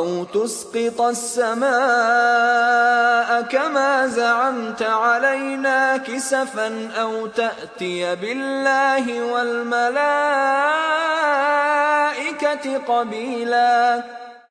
أو تسقط السماء كما زعمت علينا كسفا أو تأتي بالله والملائكة قبيلاً